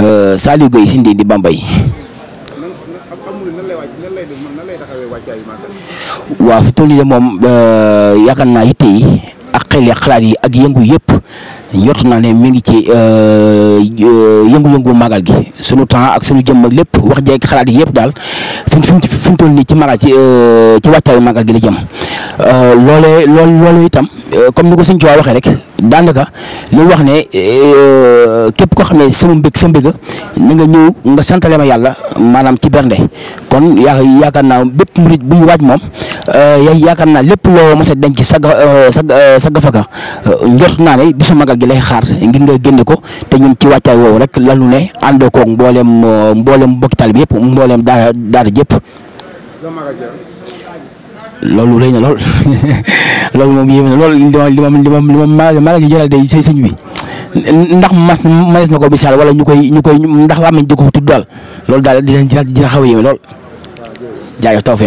Euh, Saliou Gueye si ndi di waaw fi toll de moom euh, yaakaar naa yitte yi ak xel yi xalaat yi ak yëngu yëpp yortu naa ne mi ngi ci euh, yëngu-yëngu magal gi sunu temps ak sunu jëmm ak lépp wax jeeg xalaat yi yëpp daal fi fi toll nii ci magal ci ci wàccaayu magal gi la jëm loole loolu itam Euh, comme ni ko ci Tuubaa waxee rek daanaka li wax ne euh, képp koo xam ne sama mbëgg sa mbëgg na nga ñëw nga santale ma yàlla maanaam ci bernde kon yaa yaakaar naa bépp murit buy waaj moom euh, yaakaar naa lépp loo mos a denc sag sag sag faka njort naa ne bisu magal gi lay xaar ngir nga génne ko te ñun ci wàccaay woowu rek lanu ne àndoo koog mboolem mboolem mbokkital bi yëpp mboolem daara daara jëpp. loolu rëy na lool loolu moom yéeme lool li ma li ma li ma maanaam maa wi jëral ndax mas manees na ko bisaal wala ñu koy ñu koy ndax làmmiñ di ko tudd daal lool daal dina dina dina xaw a yéeme lool jaajëf tawfeex